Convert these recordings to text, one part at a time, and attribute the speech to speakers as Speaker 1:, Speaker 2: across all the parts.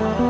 Speaker 1: Thank you.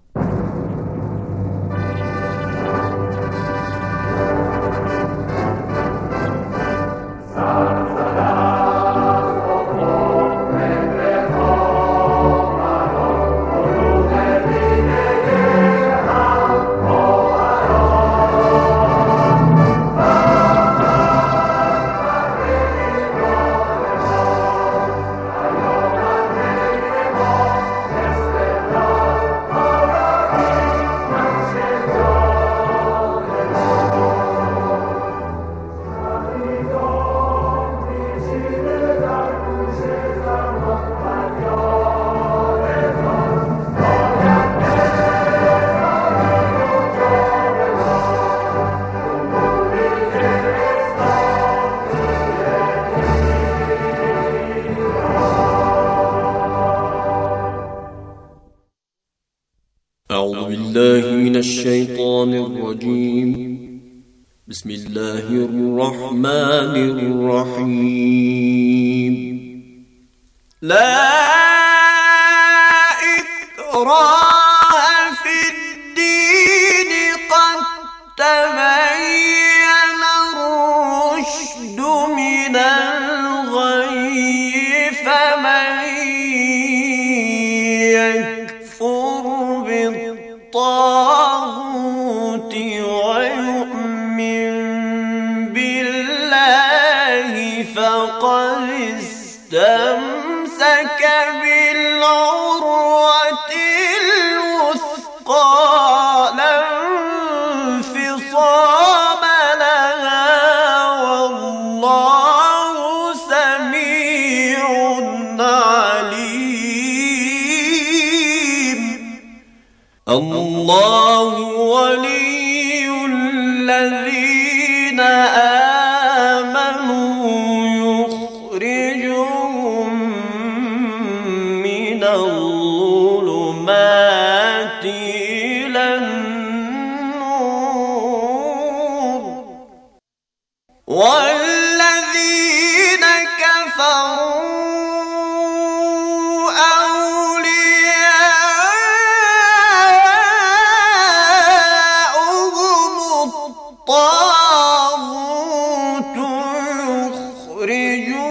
Speaker 2: you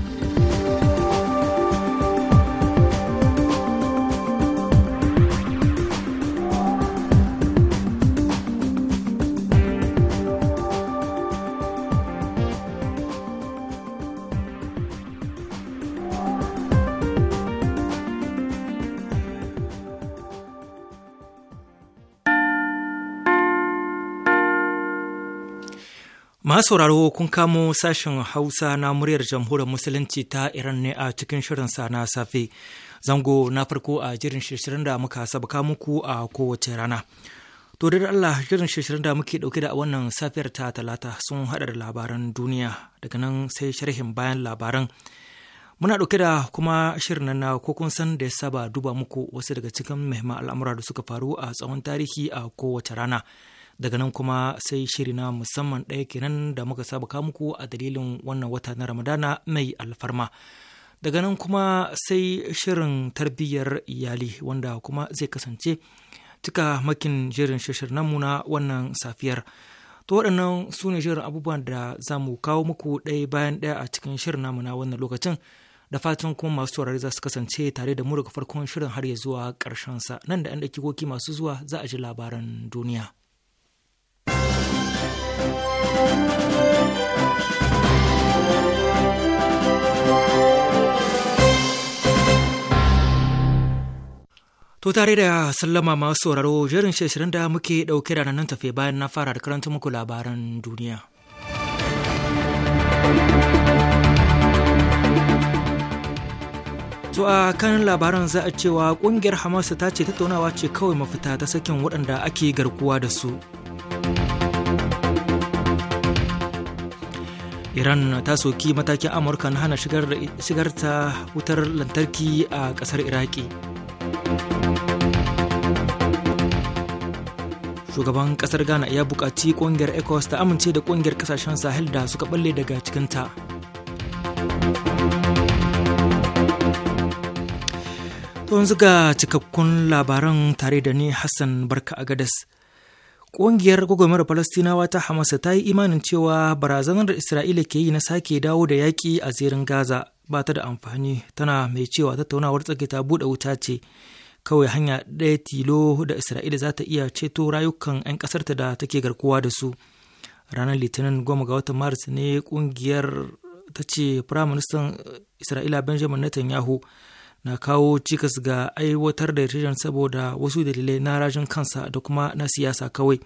Speaker 3: sauraro kun kamo sashen Hausa na muryar jamhuriyar Musulunci ta Iran ne a cikin shirin sa na safe. Zango na farko a jirin shirin da muka sabaka muku a kowace rana. To Allah jirin shirin da muke dauke da wannan safiyar ta talata sun hada da labaran duniya daga nan sai sharhin bayan labaran. Muna dauke da kuma shirin na ko kun san da ya saba duba muku wasu daga cikin muhimman al'amura da suka faru a tsawon tarihi a kowace rana. daga nan kuma sai shiri na musamman ɗaya kenan da muka saba kamuku a dalilin wannan wata na ramadana mai alfarma daga nan kuma sai shirin tarbiyyar iyali wanda kuma zai kasance cika makin jerin shirin namu na wannan safiyar to waɗannan su ne shirin abubuwan da za mu kawo muku ɗaya bayan ɗaya a cikin shirin namu na wannan lokacin da fatan kuma masu saurari za su kasance tare da mu daga farkon shirin har ya zuwa sa nan da 'yan dakikoki masu zuwa za a ji labaran duniya. To tare da sallama masu sauraro jerin shirin da muke ɗauke da nan tafe bayan na fara da karanta muku labaran duniya. To a kan labaran za a cewa ƙungiyar Hamas ta ce tattaunawa ce kawai mafita ta sakin waɗanda ake garkuwa da su. iran ta soki matakin amurka na hana shigar ta wutar lantarki a kasar iraki shugaban kasar ghana ya buƙaci ƙungiyar ecos ta amince da ƙungiyar kasashen sahel da suka balle daga cikinta tun yanzu ga cikakkun labaran tare da ni hassan barka a agadas Ƙungiyar gwagwarmayar Falastinawa ta Hamas ta yi imanin cewa barazanar da Isra'ila ke yi na sake dawo da yaƙi a zirin Gaza ba ta da amfani tana mai cewa tattaunawar tsage ta buɗe wuta ce kawai hanya ɗaya tilo da Isra'ila za ta iya ceto rayukan 'yan ƙasarta da take garkuwa da su. Ranar Litinin goma ga watan Maris ne ƙungiyar ta ce Firaministan Isra'ila Benjamin Netanyahu na kawo cikas ga aiwatar da yarjejen saboda wasu dalilai na rajin kansa da kuma na siyasa kawai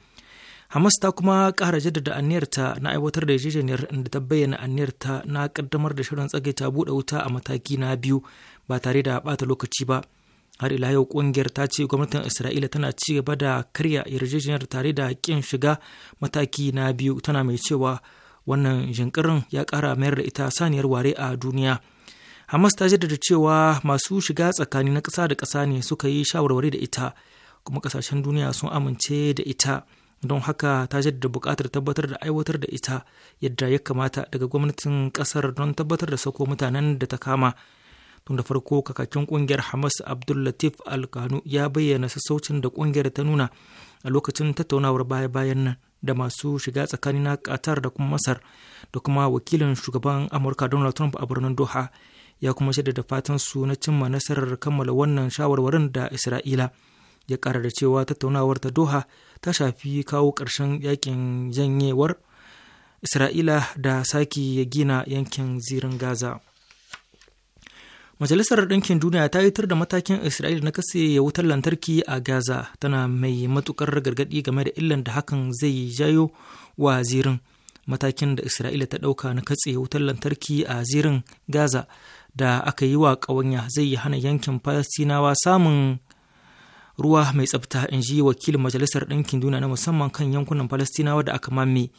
Speaker 3: hamas ta kuma ƙara jaddada aniyarta na aiwatar da yarjejeniyar da ta bayyana aniyarta na kaddamar da shirin tsage ta buɗe wuta a mataki na biyu ba tare da ɓata lokaci ba har ila yau ƙungiyar ta ce gwamnatin isra'ila tana ci gaba da karya yarjejeniyar tare da ƙin shiga mataki na biyu tana mai cewa wannan jinkirin ya kara mayar da ita saniyar ware a duniya Hamas ta jaddada cewa masu shiga tsakani na ƙasa da ƙasa ne suka yi shawarwari da ita kuma ƙasashen duniya sun amince da ita don haka ta jaddada buƙatar tabbatar da aiwatar da ita yadda ya kamata daga gwamnatin ƙasar don tabbatar da sako mutanen da ta kama tun da farko kakakin ƙungiyar hamas abdullatif alkanu ya bayyana sassaucin da ƙungiyar ta nuna a lokacin tattaunawar baya-bayan nan da masu shiga tsakani na katar da kuma masar da kuma wakilin shugaban amurka donald trump a birnin doha ya kuma da fatan su na cimma nasarar kammala wannan shawarwarin da isra'ila ya ƙara da cewa tattaunawar ta doha ta shafi kawo ƙarshen yakin janyewar isra'ila da sake ya gina yankin zirin gaza majalisar ɗinkin duniya ta yitar da matakin isra'ila na kase wutar lantarki a gaza tana mai matukar gargaɗi game da illan da hakan zai jayo wa zirin matakin da isra'ila ta ɗauka na katse wutar lantarki a zirin gaza da aka yi wa ƙawanya zai yi hana yankin Falastinawa samun ruwa mai tsafta in ji wakilin Majalisar Ɗinkin Duniya na musamman kan yankunan Falastinawa da aka mame.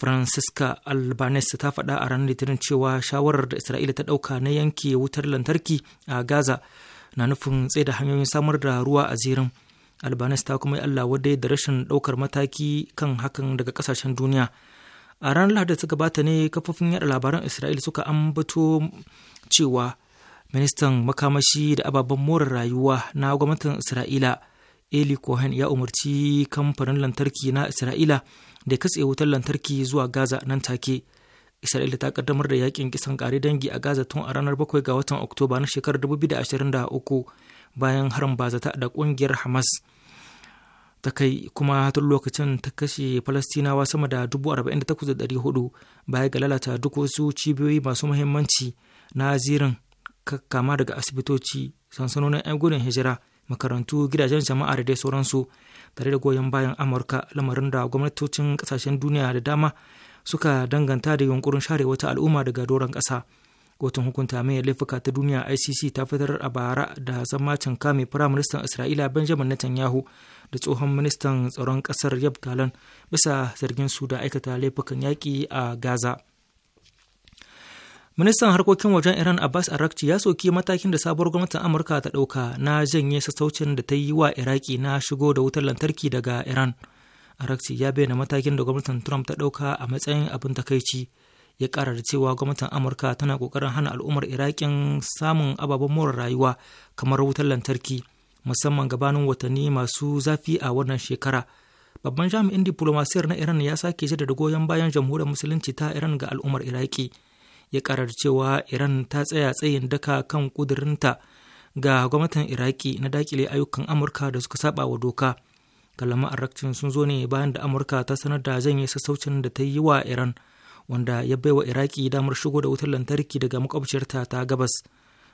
Speaker 3: Francisca Albanese ta faɗa a ranar Litinin cewa shawarar da Isra'ila ta ɗauka na yanke wutar lantarki a Gaza na nufin tsaida hanyoyin samar da ruwa a zirin. Albanese ta kuma yi Allah wadai da rashin ɗaukar mataki kan hakan daga ƙasashen duniya. a ranar lahadi ta gabata ne kafofin yada labaran isra'ila suka ambato cewa ministan makamashi da ababen more rayuwa na gwamnatin isra'ila eli cohen ya umarci kamfanin lantarki na isra'ila da katse wutar lantarki zuwa gaza nan take isra'ila ta kaddamar da yakin kisan kare dangi a gaza tun a ranar 7 ga watan oktoba na shekarar 2023 bayan harin bazata da kungiyar hamas ta kai kuma tun lokacin ta kashe falastinawa sama da 48,400 baya ga lalata duk wasu cibiyoyi masu muhimmanci na zirin kama daga asibitoci sansanonin 'yan gudun hijira makarantu gidajen jama'a da dai sauransu tare da goyon bayan amurka lamarin da gwamnatocin kasashen duniya da dama suka danganta da yunkurin share wata al'umma daga doron ƙasa. kotun hukunta mai laifuka ta duniya icc ta fitar a bara da sammacin kame firaministan isra'ila benjamin netanyahu da tsohon ministan tsaron kasar yab talan bisa zargin su da aikata laifukan yaƙi a gaza ministan harkokin wajen iran abbas arakci ya soki matakin da sabuwar gwamnatin amurka ta ɗauka na janye sassaucin da ta yi wa iraki na shigo da wutar lantarki daga iran arakci ya bayyana matakin da gwamnatin trump ta ɗauka a matsayin abin takaici ya ƙara da cewa gwamnatin amurka tana kokarin hana al'ummar iraƙin samun ababen more rayuwa kamar wutar lantarki musamman gabanin watanni masu zafi a wannan shekara babban jami'in diplomasiyar na iran ya sake jaddada goyon bayan jamhuriyar musulunci ta iran ga al'ummar iraki ya ƙara da cewa iran ta tsaya tsayin daka kan kudurinta ga gwamnatin iraki na dakile ayyukan amurka da suka saba wa doka kalama arakcin sun zo ne bayan da amurka ta sanar da yi sassaucin da ta yi wa iran wanda ya bai wa iraki damar shigo da wutar lantarki daga makwabciyarta ta gabas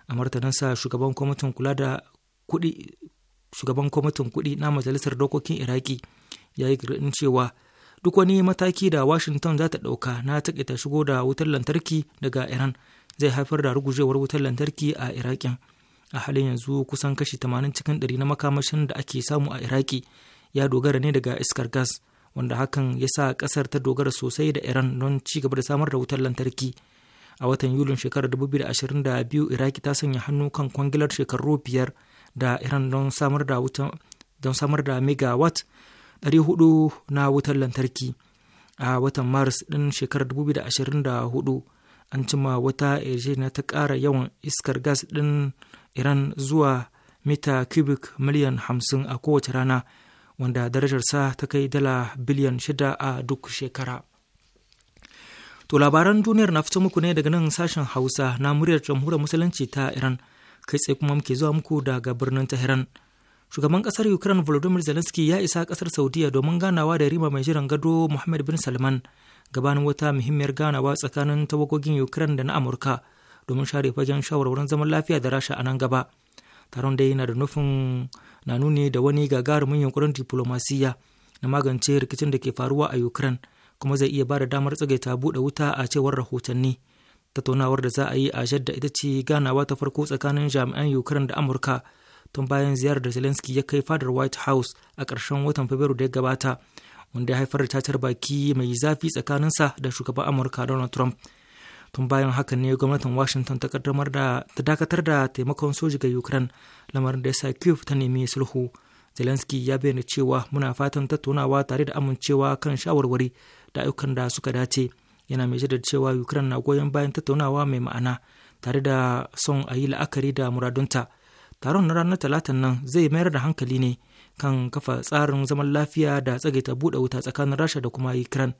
Speaker 3: a martaninsa shugaban kwamitin kula da kuɗi shugaban kwamitin kuɗi na majalisar dokokin iraki ya yi gargaɗin cewa duk wani mataki da washington za ta ɗauka na taƙaita shigo da wutar lantarki daga iran zai haifar da rugujewar wutar lantarki a iraki a halin yanzu kusan kashi 80 cikin 100 na makamashin da ake samu a iraki ya dogara ne daga iskar gas wanda hakan ya sa ƙasar ta dogara sosai da Iran don ci gaba da samar da wutar lantarki. A watan Yulin shekarar 2022 Iraki ta sanya hannu kan kwangilar shekaru biyar da Iran don samar da wuta don samar da megawatt 400 na wutar lantarki. A watan Maris ɗin shekarar 2024 an cima wata yarjejeniya ta ƙara yawan iskar gas ɗin Iran zuwa mita cubic miliyan 50 a kowace rana wanda darajarsa ta kai dala biliyan shida a duk shekara. To labaran duniyar na fito muku ne daga nan sashen Hausa na muryar jamhuriyar musulunci ta Iran kai tsaye kuma muke zuwa muku daga birnin Tehran. Shugaban kasar Ukraine Volodymyr Zelensky ya isa kasar Saudiya domin ganawa da rima mai jiran gado Muhammad bin Salman gabanin wata muhimmiyar ganawa tsakanin tawagogin Ukraine da na Amurka domin share fagen shawarwarin zaman lafiya da Rasha a nan gaba. taron dai yana da nufin na nuni da wani gagarumin yunkurin diplomasiya na magance rikicin da ke faruwa a ukraine kuma zai iya bada damar tsagaita buɗe wuta a cewar rahotanni tattaunawar da za a yi a shadda ita ce ganawa ta farko tsakanin jami'an ukraine da amurka tun bayan ziyarar da zelensky ya kai fadar white house a ƙarshen watan fabrairu da ya gabata wanda ya haifar da tatar baki mai zafi tsakaninsa da shugaban amurka donald trump tun bayan haka ne gwamnatin washington ta kaddamar da ta dakatar da taimakon soji ga ukraine lamarin da ya sa kyiv ta nemi sulhu zelensky ya bayyana cewa muna fatan tattaunawa tare da amincewa kan shawarwari da ayyukan da suka dace yana mai jaddada cewa ukraine na goyon bayan tattaunawa mai ma'ana tare da son a yi la'akari da muradunta taron na ranar talatan nan zai mayar da hankali ne kan kafa tsarin zaman lafiya da tsagaita buɗe wuta tsakanin rasha da kuma ukraine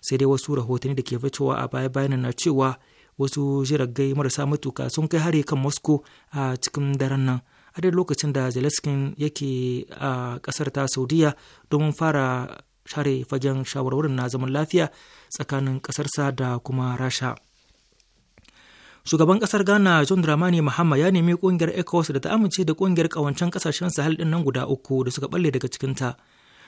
Speaker 3: sai dai wasu rahotanni da ke fitowa a baya bayanan na cewa wasu jiragai marasa matuka sun kai hari kan moscow a cikin daren nan a da lokacin da zelenskin yake a kasar ta saudiya domin fara share fagen shawarwarin na zaman lafiya tsakanin kasarsa da kuma rasha shugaban kasar ghana john dramani mahama ya nemi kungiyar ecowas da ta amince da kungiyar kawancen kasashen sahel din nan guda uku da suka balle daga cikinta ta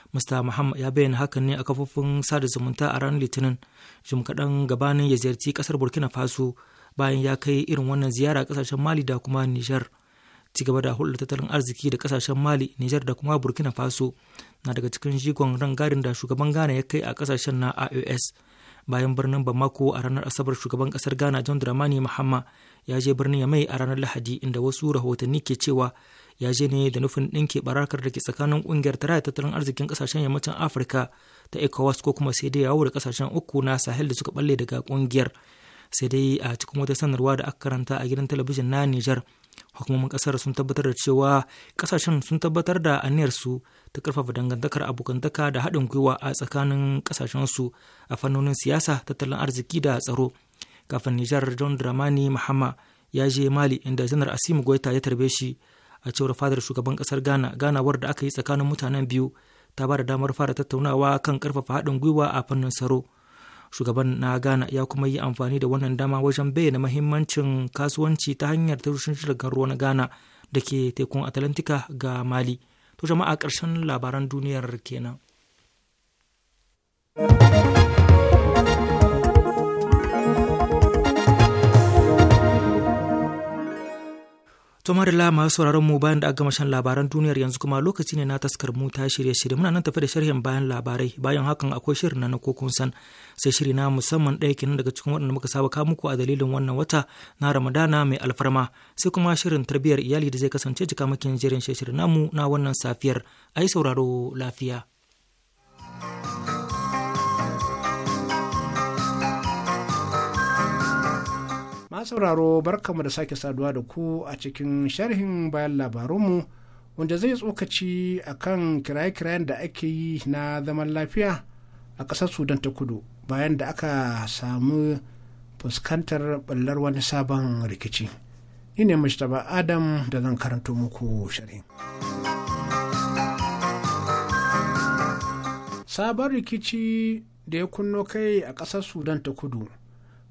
Speaker 3: Mr. Muhammad ya bayyana hakan ne a kafofin sada zumunta a ranar Litinin jim kaɗan gabanin ya ziyarci ƙasar Burkina Faso bayan ya kai irin wannan ziyara ƙasashen Mali da kuma Nijar. Ci gaba da hulɗar tattalin arziki da ƙasashen Mali, Nijar da kuma Burkina Faso na daga cikin jigon rangadin da shugaban Ghana ya kai a ƙasashen na IOS. Bayan birnin Bamako a ranar Asabar shugaban ƙasar Ghana John Dramani Mahama ya je birnin Yamai a ranar Lahadi inda wasu rahotanni ke cewa ya je ne da nufin ɗinke barakar da ke tsakanin ƙungiyar ta tattalin arzikin ƙasashen yammacin afirka ta ecowas ko kuma sai dai yawo da ƙasashen uku na sahel da suka balle daga ƙungiyar sai dai a cikin wata sanarwa da aka karanta a gidan talabijin na niger hukumomin ƙasar sun tabbatar da cewa ƙasashen sun tabbatar da aniyar su ta ƙarfafa dangantakar abokantaka da haɗin gwiwa a tsakanin su a fannonin siyasa tattalin arziki da tsaro kafin niger john dramani mahama ya je mali inda janar asimu goita ya tarbe shi a cewar fadar shugaban kasar ghana ganawar da aka yi tsakanin mutanen biyu ta ba da damar fara tattaunawa kan karfafa haɗin gwiwa a fannin tsaro shugaban na ghana ya kuma yi amfani da wannan dama wajen bayyana mahimmancin kasuwanci ta hanyar tashoshin jirgin ruwa na ghana da ke tekun atlantika ga mali to jama'a ƙarshen labaran duniyar kenan Tumarila masu sauraron mu bayan da aka gama shan labaran duniyar yanzu kuma lokaci ne na taskar mu ta shirye shirye muna nan tafi da sharhin bayan labarai bayan hakan akwai shirin na kun san sai shiri na musamman ɗaya kenan daga cikin waɗanda muka saba ka muku a dalilin wannan wata na Ramadana mai alfarma sai kuma shirin tarbiyyar iyali da zai kasance jikamakin jerin shirin namu na wannan safiyar ai sauraro lafiya. thank you
Speaker 4: Ma sauraro barkamu da sake saduwa da ku a cikin sharhin bayan labarunmu wanda zai tsokaci a kan kiraye-kirayen da ake yi na zaman lafiya a ƙasar Sudan ta kudu bayan da aka samu fuskantar ɓallar wani sabon rikici. Ni ne Mustapha Adam da zan karanto muku sharhin. Sabon rikici da ya kunno kai a ƙasar Sudan ta kudu.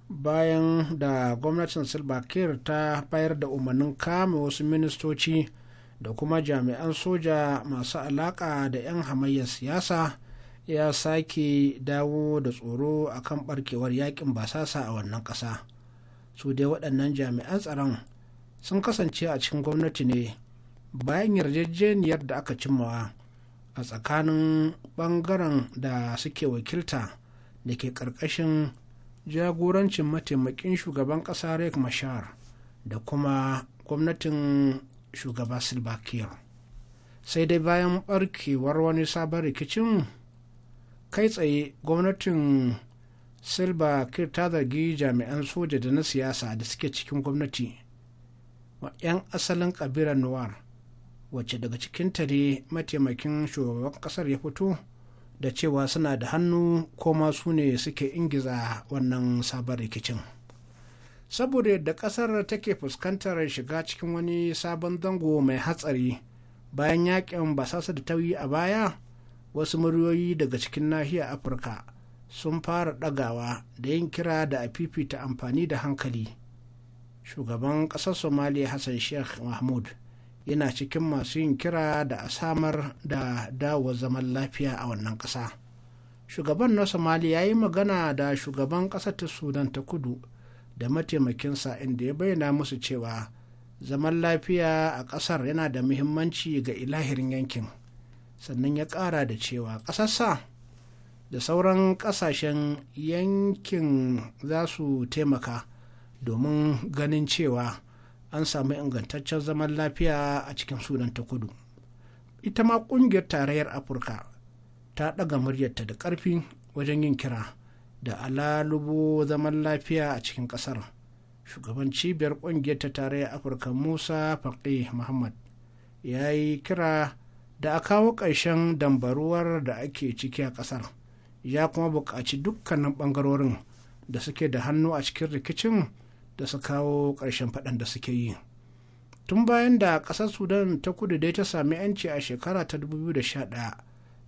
Speaker 4: bayan da gwamnatin silva ta bayar da umarnin kame wasu ministoci da kuma jami'an soja masu alaka da 'yan hamayyar siyasa ya sake dawo da tsoro akan barkewar yakin basasa a wannan ƙasa su dai waɗannan jami'an tsaron sun kasance a cikin gwamnati ne bayan yarjejeniyar da aka cimmawa a tsakanin ɓangaren da suke wakilta da ke ƙarƙashin jagorancin mataimakin shugaban ƙasa rek mashar da kuma gwamnatin shugaba silva sai dai bayan barkewar wani sabon rikicin kai tsaye gwamnatin silva kir ta zargi jami'an soja da na siyasa da suke cikin gwamnati wa 'yan asalin ƙabilar noir wacce daga cikin tare mataimakin shugaban ƙasar ya fito da cewa suna da hannu ko masu ne suke ingiza wannan sabon rikicin saboda yadda kasar take fuskantar shiga cikin wani sabon zango mai hatsari bayan yakin basasa da tauyi a baya wasu muryoyi daga cikin nahiyar afirka sun fara ɗagawa da yin kira da a fifita amfani da hankali shugaban ƙasar somaliya hassan sheikh mahmud yana cikin masu yin kira da a samar da dawo zaman lafiya a wannan ƙasa shugaban na somali ya yi magana da shugaban ƙasar ta sudan ta kudu da mataimakinsa inda ya bayyana musu cewa zaman lafiya a ƙasar yana da muhimmanci ga ilahirin yankin sannan ya ƙara da cewa ƙasarsa da sauran ƙasashen yankin za su taimaka domin ganin cewa an samu ingantaccen zaman lafiya a cikin sudan ta kudu ita ma kungiyar tarayyar afirka ta ɗaga muryarta da ƙarfi wajen yin kira da alalubo zaman lafiya a cikin ƙasar shugaban cibiyar kungiyar ta tarayyar afirka musa faƙi muhammad ya yi kira da a kawo ƙarshen dambaruwar da ake ciki a ƙasar ya kuma buƙaci dukkanin ɓangarorin da suke da hannu a cikin rikicin da su kawo ƙarshen faɗan da suke yi tun bayan da ƙasar sudan ta kudu dai ta sami 'yanci a shekara ta 2011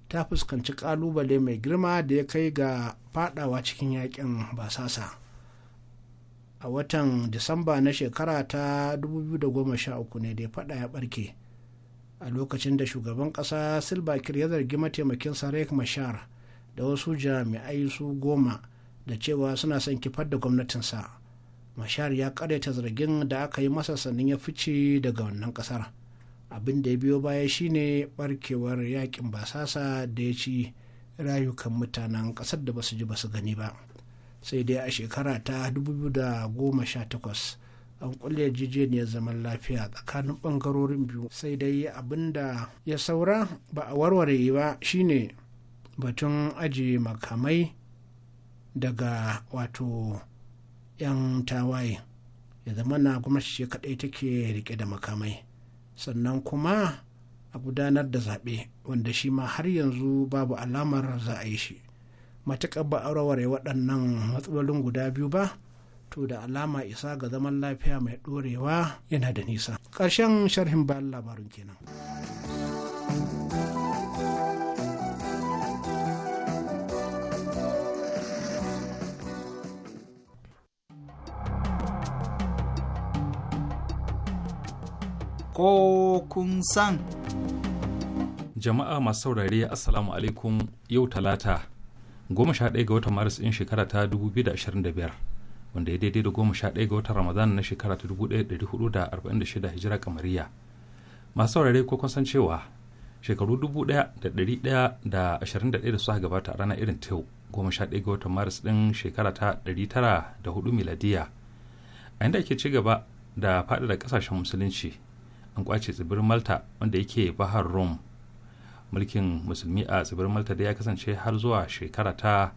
Speaker 4: ta fuskanci ƙalubale mai girma da ya kai ga fadawa cikin yakin basasa a watan disamba na shekara ta 2013 ne da fada ya barke a lokacin da shugaban ƙasa silbakir ya zargi mataimakin sarek mashar da wasu jami'ai su goma da cewa suna son kifar da gwamnatinsa mashar ya karyata zargin da aka yi masa sannan ya fice daga wannan kasar abin da ya biyo baya shine barkewar yakin basasa da ya ci rayukan mutanen kasar da basu ji basu gani ba sai dai a shekara ta 2018 an kulle yarjejeniyar zaman lafiya tsakanin bangarorin biyu sai dai abin da ya saura ba a warware ba shine batun aji makamai daga wato 'yan tawaye ya zama na gwamnati ce kaɗai take rike da makamai sannan kuma a gudanar da zaɓe wanda shi ma har yanzu babu alamar za a yi shi matuƙar ba a waɗannan matsalolin guda biyu ba to da alama isa ga zaman lafiya mai ɗorewa yana da nisa ƙarshen sharhin bayan labarin kenan.
Speaker 5: ko kun san.
Speaker 6: Jama'a masu saurare Assalamu alaikum yau talata goma sha ɗaya ga watan Maris ɗin shekara ta dubu biyu da da ashirin biyar wanda ya daidai da goma sha ɗaya ga watan Ramadan na shekara ta dubu ɗaya da da da arba'in shida hijira kamariya. Masu saurare ko kun san cewa shekaru ɗaya da ashirin da da suka gabata a ranar irin ta yau goma sha ɗaya ga watan Maris ɗin shekara ta tara da hudu miladiya. A inda ake ci gaba da da ƙasashen musulunci an kwace tsibirin malta wanda yake bahar rome mulkin musulmi a tsibirin malta da ya kasance har zuwa shekara ta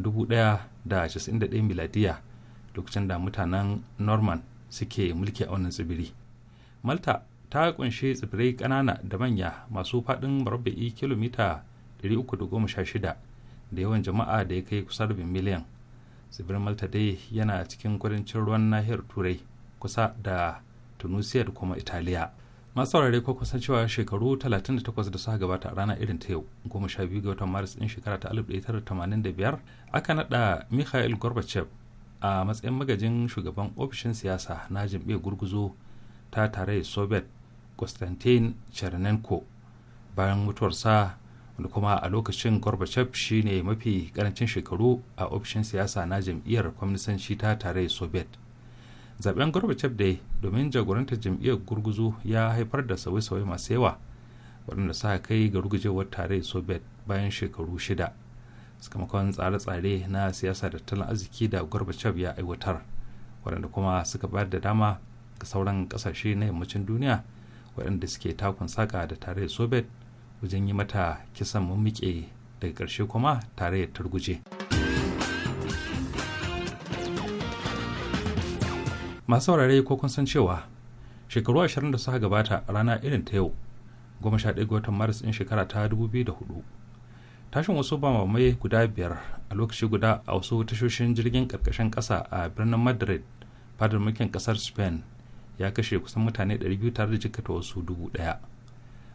Speaker 6: 1991 miladiya lokacin da mutanen norman suke mulki a wannan tsibiri malta ta kunshi tsibirai ƙanana da manya masu faɗin marabba'i kilomita 316 da yawan jama'a da ya kai kusa rubin miliyan tsibirin malta dai yana cikin kudancin ruwan nahiyar turai kusa da tunisia da kuma italiya masu saurare ko kusan cewa shekaru 38 da suka gabata a rana irin ta yau goma sha biyu ga watan maris din shekara ta 1985 aka nada mikhail gorbachev a matsayin magajin shugaban ofishin siyasa na jam'iyyar gurguzo ta tare tarayyar soviet konstantin chernenko bayan mutuwarsa wanda kuma a lokacin gorbachev shine mafi karancin shekaru a ofishin siyasa na jam'iyyar kwamnisanci ta tarayyar soviet zaben gorbachev dai domin jagorantar jam'iyyar gurguzu ya haifar da sauye-sauye masu yawa waɗanda sa kai ga rugujewar da soviet bayan shekaru shida sakamakon tsare-tsare na siyasa da tattalin arziki da gorbachev ya aiwatar waɗanda kuma suka bayar da dama ga sauran ƙasashe na yammacin duniya waɗanda suke takun saka da da soviet wajen yi mata kisan mummike daga ƙarshe kuma tare da turguje. masu saurare ko kun san cewa shekaru 20 da suka gabata a rana irin ta yau 11 ga watan maris din shekara ta 2004 tashin wasu bamamai guda biyar a lokaci guda a wasu tashoshin jirgin karkashin kasa a birnin madrid fadar mulkin kasar spain ya kashe kusan mutane 200 tare da jikata wasu dubu daya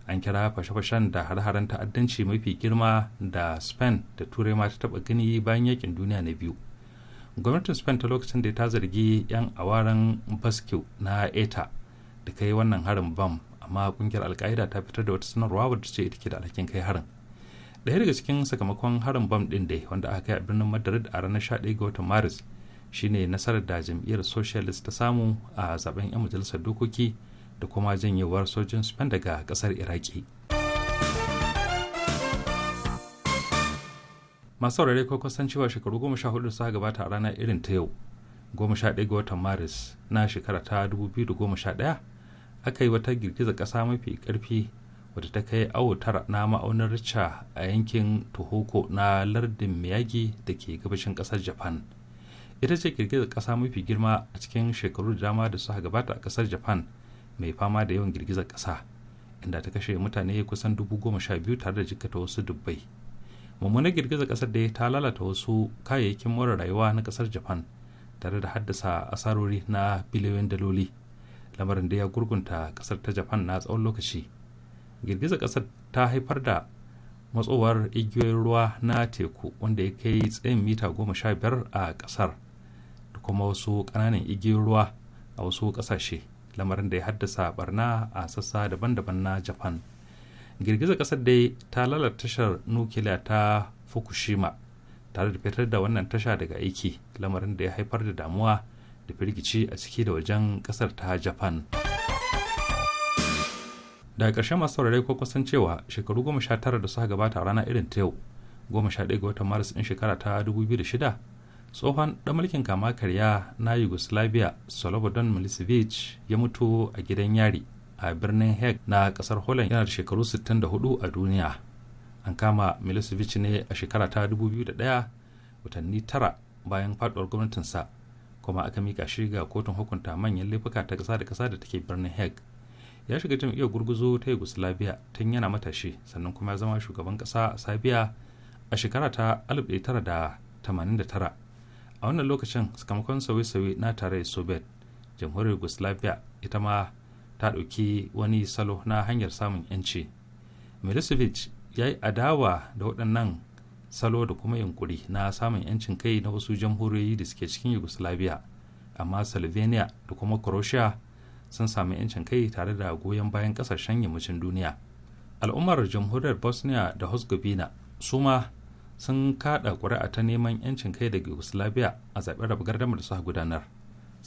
Speaker 6: an kira fashe-fashen da har-haren ta'addanci mafi girma da spain da turai ma ta taɓa gani bayan yakin duniya na biyu gwamnatin spain ta lokacin da ta zargi 'yan awaran basque na eta da kai wannan harin bam amma kungiyar alka'ida ta fitar da wata sanarwa wadda ce ita ke da alhakin kai harin daya daga cikin sakamakon harin bam din dai wanda aka kai a birnin madrid a ranar 11 ga watan maris shine nasarar da jam'iyyar socialist ta samu a zaben 'yan majalisar dokoki da kuma janyewar sojin spain daga kasar iraki masu saurare ko kusan cewa shekaru goma sha hudu suka gabata a ranar irin ta yau goma sha ɗaya ga watan maris na shekara ta dubu biyu da goma sha ɗaya aka yi wata girgizar ƙasa mafi ƙarfi wadda ta kai awo tara na ma'aunin richa a yankin tohoko na lardin miyagi da ke gabashin ƙasar japan ita ce girgizar ƙasa mafi girma a cikin shekaru da dama da suka gabata a ƙasar japan mai fama da yawan girgizar ƙasa inda ta kashe mutane kusan dubu goma sha biyu tare da jikkata wasu dubbai mummunar girgizar kasar da ta lalata wasu kayayyakin more rayuwa na kasar japan tare da haddasa asarori na biliyoyin daloli lamarin da ya gurgunta kasar ta japan na tsawon lokaci girgizar kasar ta haifar da matsowar igiyoyin ruwa na teku wanda ya kai tsayin mita goma sha biyar a kasar da kuma wasu kananan igiyoyin ruwa a wasu kasashe lamarin da ya haddasa barna a sassa daban-daban na japan girgizar kasar dai ta lalata tashar nukiliya ta fukushima tare da fitar da wannan tasha daga aiki lamarin da ya haifar da damuwa da firgici a ciki da wajen kasar ta japan daga ƙarshe masu saurare ko kusan cewa shekaru goma sha tara da suka gabata a rana irin ta yau goma sha ɗaya ga watan maris in shekara ta dubu biyu da shida tsohon ɗan mulkin kama karya na yugoslavia slobodan milicevic ya mutu a gidan yari a birnin hague na kasar holland yana da shekaru 64 a duniya an kama milosevic ne a shekara ta 2001 watanni tara bayan faduwar gwamnatinsa kuma aka mika shi ga kotun hukunta manyan laifuka ta kasa da kasa da take birnin hague ya shiga jam'iyyar gurguzo ta yugoslavia tun yana matashi sannan kuma ya zama shugaban kasa a sabiya a shekara ta 1989 a wannan lokacin sakamakon sauye-sauye na tare soviet jamhuriyar yugoslavia ita ma ta ɗauki wani salo na hanyar samun 'yanci milosevic ya yi adawa da waɗannan salo da kuma yunkuri na samun 'yancin kai na wasu jamhuriyoyi da suke cikin yugoslavia amma slovenia da kuma croatia sun sami 'yancin kai tare da goyon bayan ƙasashen yammacin duniya al'ummar jamhuriyar bosnia da herzegovina su ma sun kaɗa ƙuri'a ta neman 'yancin kai daga yugoslavia a zaɓen rabgar da suka gudanar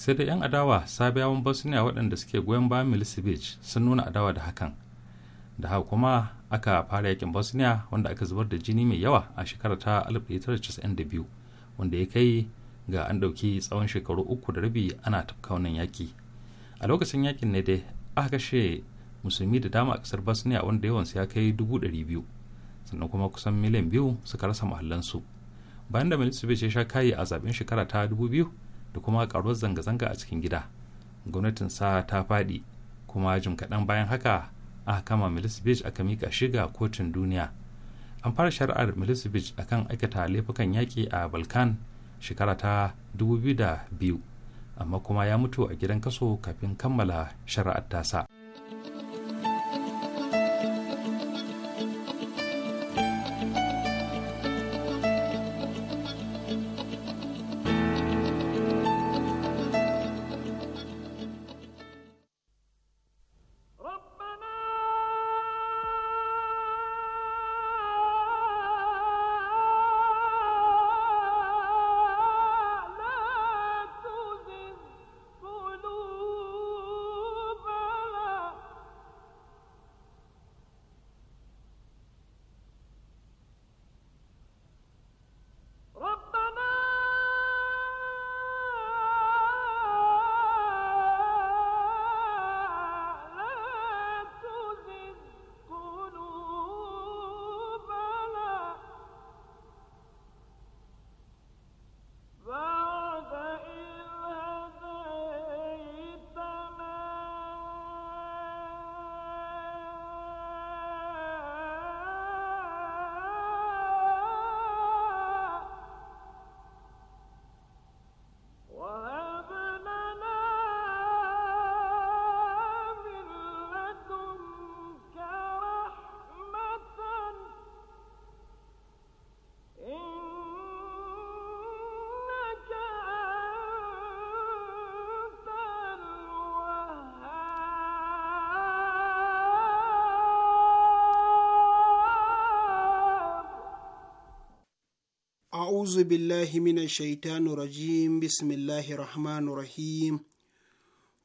Speaker 6: sai da 'yan adawa sabiyawan bosnia waɗanda suke goyon bayan milicevic sun nuna adawa da hakan da haka kuma aka fara yakin bosnia wanda aka zubar da jini mai yawa a shekarar ta 1992 wanda ya kai ga an ɗauki tsawon shekaru uku da rabi ana tafka wannan yaki a lokacin yakin ne dai aka kashe musulmi da dama a ƙasar bosnia wanda yawansu ya kai biyu sannan kuma kusan miliyan biyu suka rasa mahallansu bayan da milicevic ya sha kayi a zaben shekara ta 2000 da kuma karuwar zanga-zanga a cikin gida gwamnatin sa ta faɗi kuma jim kaɗan bayan haka a kama milisbej aka mika shiga kotun duniya an fara shari'ar milisbej akan aikata laifukan yaƙi a balkan shekara ta 2002 amma kuma ya mutu a gidan kaso kafin kammala shari'ar tasa.
Speaker 5: a'uzu billahi minash shaitani rajim bismillahir rahmanir rahim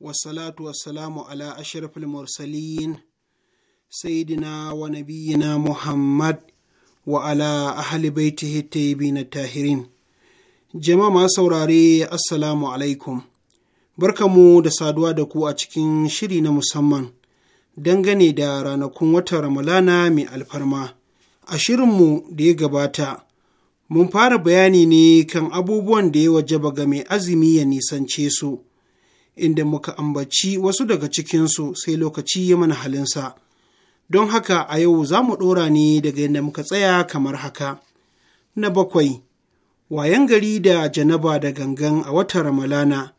Speaker 5: wassalatu wassalamu ala ashrafil mursalin sayyidina wa nabiyyina muhammad wa ala ahli baitihi na tahirin jama'a ma saurare assalamu alaikum mu da saduwa da ku a cikin shiri na musamman dangane da ranakun watan ramalana mai alfarma a shirinmu da ya gabata Mun fara bayani ne kan abubuwan da ya wajaba ga mai azumi ya nisance su, inda muka ambaci wasu daga cikinsu sai lokaci ya mana halinsa. Don haka a yau za mu ɗora ne daga yadda muka tsaya kamar haka. Na bakwai, wayan gari da janaba da gangan a watan Ramalana,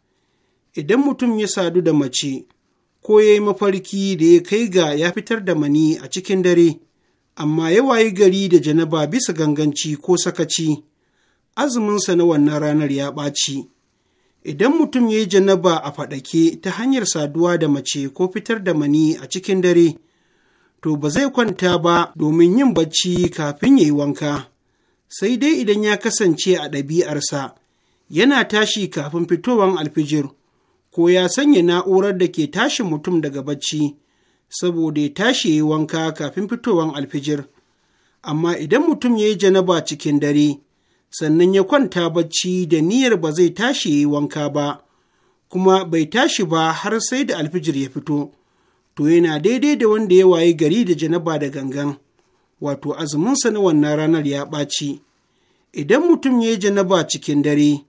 Speaker 5: idan mutum ya sadu da mace, ko ya yi mafarki da ya kai ga ya fitar da mani a cikin dare, amma ya wayi gari da janaba bisa ganganci ko sakaci, azuminsa na wannan ranar ya ɓaci. Idan mutum ya yi janaba a faɗake ta hanyar saduwa da mace ko fitar da mani a cikin dare, to ba zai kwanta ba domin yin bacci kafin ya yi wanka, sai dai idan ya kasance a ɗabi'arsa, yana tashi kafin fitowar alfijir, ko ya sanya na'urar da ke tashin mutum daga bacci. saboda ya tashi ya yi wanka kafin fitowar alfijir amma idan mutum ya yi janaba cikin dare sannan ya kwanta bacci da niyyar ba zai tashi ya yi wanka ba kuma bai tashi ba har sai da alfijir ya fito to yana daidai da wanda ya wayi gari da janaba da gangan wato azuminsa na wannan ranar ya ɓaci idan mutum ya yi janaba cikin dare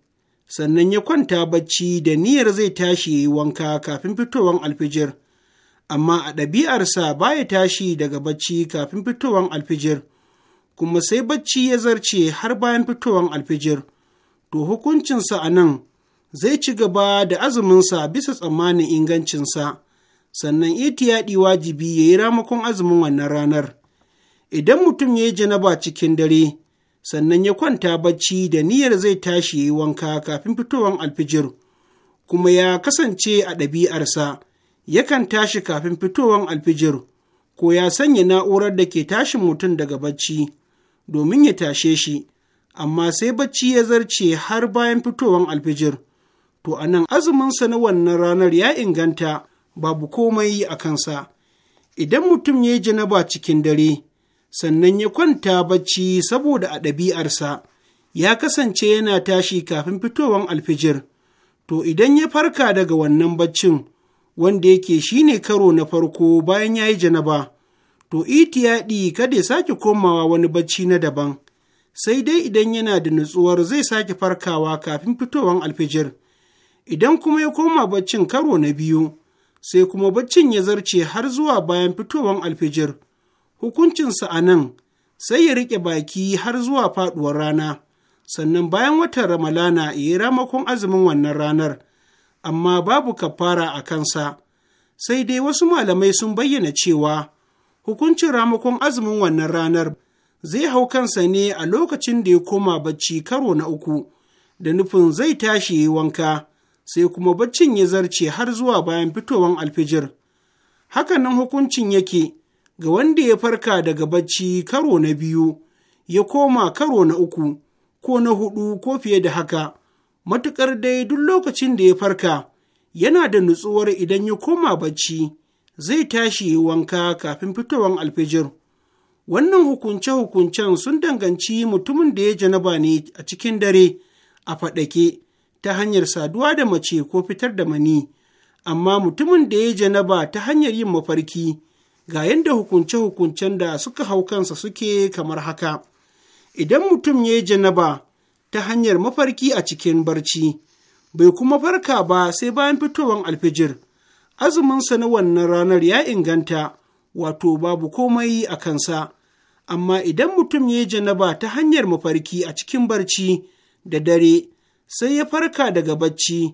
Speaker 5: sannan ya kwanta bacci da niyyar zai tashi ya yi wanka kafin fitowar alfijir amma a ɗabi'arsa baya tashi daga bacci kafin fitowar alfijir, kuma sai bacci ya zarce har bayan fitowar alfijir, to hukuncinsa a nan zai ci gaba da azuminsa bisa tsammanin ingancinsa, sannan itiyaɗi wajibi ya yi ramakon azumin wannan ranar. Idan mutum ya yi janaba cikin dare, sannan ya kwanta bacci da niyyar zai tashi ya yi wanka kafin fitowar alfijir, kuma ya kasance a ɗabi'arsa. yakan tashi kafin fitowar alfijir ko ya sanya na'urar da ke tashin mutum daga bacci domin ya tashe shi amma sai bacci ya zarce har bayan fitowar alfijir to a nan azuminsa na wannan ranar ya inganta babu komai a kansa idan mutum ya yi janaba cikin dare sannan ya kwanta bacci saboda a ɗabi'arsa ya kasance yana tashi kafin fitowar alfijir to idan ya farka daga wannan baccin wanda yake shi ne karo na farko bayan ya yi janaba, to itiyaɗi kada ya sake komawa wani bacci na daban, sai dai idan yana da nutsuwar zai sake farkawa kafin fitowar alfijir. Idan kuma ya koma baccin karo na biyu, sai kuma baccin ya zarce har zuwa bayan fitowar alfijir. Hukuncinsa a nan, sai ya rike baki har zuwa faɗuwar rana, sannan bayan watan Ramalana ya yi ramakon azumin wannan ranar. amma babu kafara a kansa, sai dai wasu malamai sun bayyana cewa hukuncin ramakon azumin wannan ranar zai hau kansa ne a lokacin da ya koma bacci karo na uku, da nufin zai tashi yi wanka, sai kuma baccin ya zarce har zuwa bayan fitowan alfijir. nan hukuncin yake ga wanda ya farka daga bacci karo na biyu, ya koma karo na uku, ko na hudu ko fiye da haka. Matukar dai duk lokacin da ya farka yana da nutsuwar idan ya koma bacci zai tashi wanka kafin fitowar alfijir. Wannan hukunce-hukuncen sun danganci mutumin da ya janaba ne a cikin dare a faɗake ta hanyar saduwa da mace ko fitar da mani, amma mutumin da ya janaba ta hanyar yin mafarki ga yadda hukunce-hukuncen da suka hau kansa suke kamar haka. Idan mutum ya janaba ta hanyar mafarki a cikin barci, bai kuma farka ba sai bayan fitowar alfijir. Azuminsa na wannan ranar ya inganta, wato babu komai a kansa. Amma idan mutum ya yi janaba ta hanyar mafarki a cikin barci da dare, sai ya farka daga barci,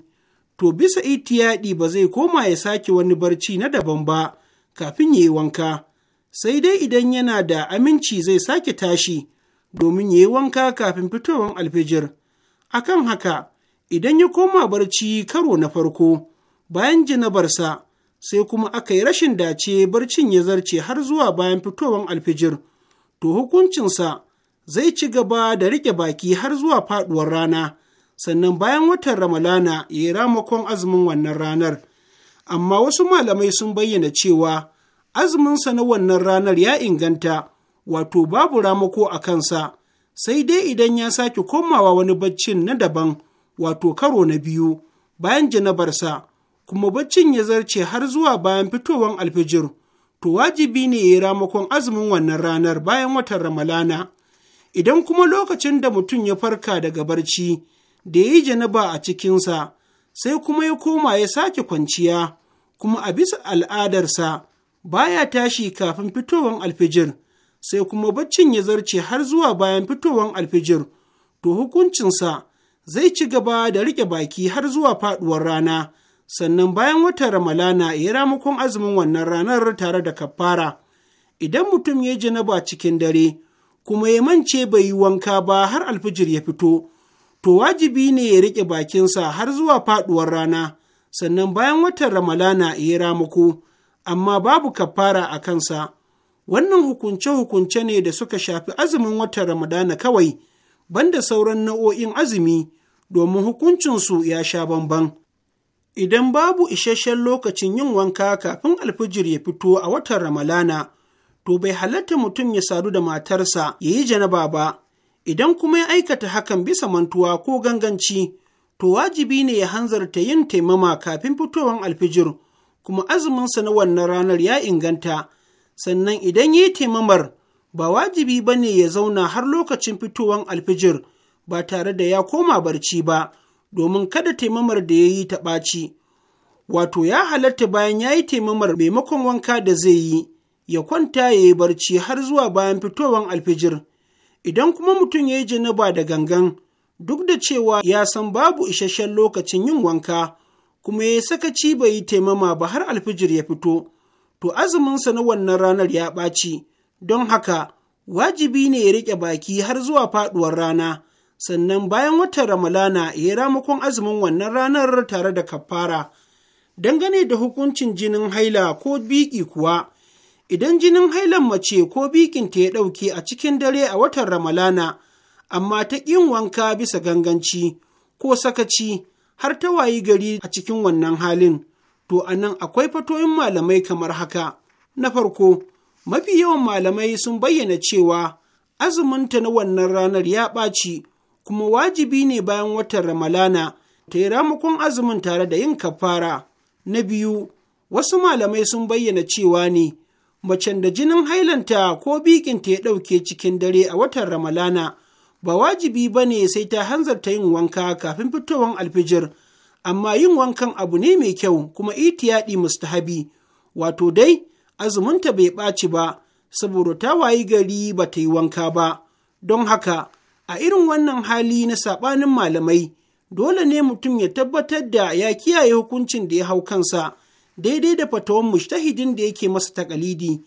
Speaker 5: to bisa itiyaɗi ba zai koma ya sake wani barci na daban ba kafin ya yi wanka, sai dai idan yana da aminci zai sake tashi domin ya yi wanka kafin fitowar alfijir. Akan haka, idan ya koma barci karo na farko, bayan jinabarsa, sai kuma aka yi rashin dace barcin ya zarce har zuwa bayan fitowar alfijir, to hukuncinsa zai ci gaba da riƙe baki har zuwa faɗuwar rana, sannan bayan watan Ramalana ya yi ramakon azumin wannan ranar. Amma wasu malamai sun bayyana cewa azuminsa na wannan ranar ya inganta. wato babu ramako a kansa, sai dai idan ya sake komawa wani baccin na daban, wato karo na biyu, bayan janabarsa, kuma baccin ya zarce har zuwa bayan fitowar alfijir, to wajibi ne ya yi ramakon azumin wannan ranar bayan watan Ramalana. Idan kuma lokacin da mutum ya farka daga barci, da ya yi janaba a cikinsa, sai kuma ya koma ya sake kwanciya, kuma a bisa al'adarsa, baya tashi kafin fitowar alfijir. sai kuma baccin ya zarce har zuwa bayan fitowar alfijir, to hukuncinsa zai ci gaba da riƙe baki har zuwa faɗuwar rana, sannan bayan watan Ramalana ya ramakon azumin wannan ranar tare da kafara. Idan mutum ya ji ba cikin dare, kuma ya mance bai yi wanka ba har alfijir ya fito, to wajibi ne ya riƙe bakinsa har zuwa faɗuwar rana, sannan bayan watan Ramalana ya ramako, amma babu kafara a kansa. Wannan hukunce-hukunce ne da suka shafi azumin watan Ramadana kawai, ban da sauran nau'o'in azumi, domin hukuncinsu ya sha bamban. Idan babu isasshen lokacin yin wanka kafin alfijir ya fito a watan Ramalana, to bai halatta mutum ya sadu da matarsa ya yi janaba ba, idan kuma ya aikata hakan bisa mantuwa ko ganganci, to wajibi ne ya hanzarta yin taimama kafin fitowar alfijir, kuma azuminsa na wannan ranar ya inganta. sannan idan ya yi taimamar ba wajibi ba ne ya zauna har lokacin fitowar alfijir ba tare da ya koma barci ba domin kada taimamar da ya yi ta ɓaci. Wato ya halatta bayan ya yi taimamar maimakon wanka da zai yi, ya kwanta ya yi barci har zuwa bayan fitowar alfijir. Idan kuma mutum ya yi janaba da gangan, duk da cewa ya san babu isasshen lokacin yin wanka, kuma ya sakaci bai yi taimama ba har alfijir ya fito. to azuminsa na wannan ranar ya ɓaci, don haka wajibi ne ya riƙe baki har zuwa faɗuwar rana, sannan bayan watan Ramalana ya ramakon azumin wannan ranar tare da kafara. Dangane da hukuncin jinin haila ko biƙi kuwa, idan jinin hailan mace ko biƙinta ya ɗauke a cikin dare a watan Ramalana, amma ta ƙin wanka bisa ganganci ko sakaci har ta wayi gari a cikin wannan halin. To a nan akwai fatoyin malamai kamar haka. Na farko, mafi yawan malamai sun bayyana cewa azuminta na wannan ranar ya ɓaci, kuma wajibi ne bayan watan Ramalana ta yi ramukun azumin tare da yin kafara. Na biyu, wasu malamai sun bayyana cewa ne, macen da jinin hailanta ko bikinta ya ɗauke cikin dare a watan Ramalana, ba wajibi ba ne sai ta hanzarta yin wanka kafin fitowar alfijir. amma yin wankan abu ne mai kyau kuma itiyaɗi mustahabi wato dai azumunta bai ɓaci ba saboda ta wayi gari ba ta yi wanka ba don haka a irin wannan hali na saɓanin malamai dole ne mutum ya tabbatar da ya kiyaye hukuncin da ya hau kansa daidai da fatawan mushtahidin da yake masa takalidi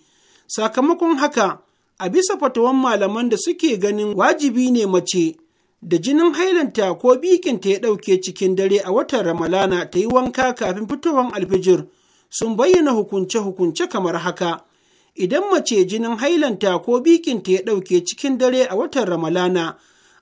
Speaker 5: sakamakon haka a bisa fatawan malaman da suke ganin wajibi ne mace da jinin hailanta ko bikinta ya ɗauke cikin dare a watan Ramalana ta yi wanka kafin fitowar alfijir sun bayyana hukunce-hukunce kamar haka. Idan mace jinin hailanta ko bikinta ya ɗauke cikin dare a watan Ramalana,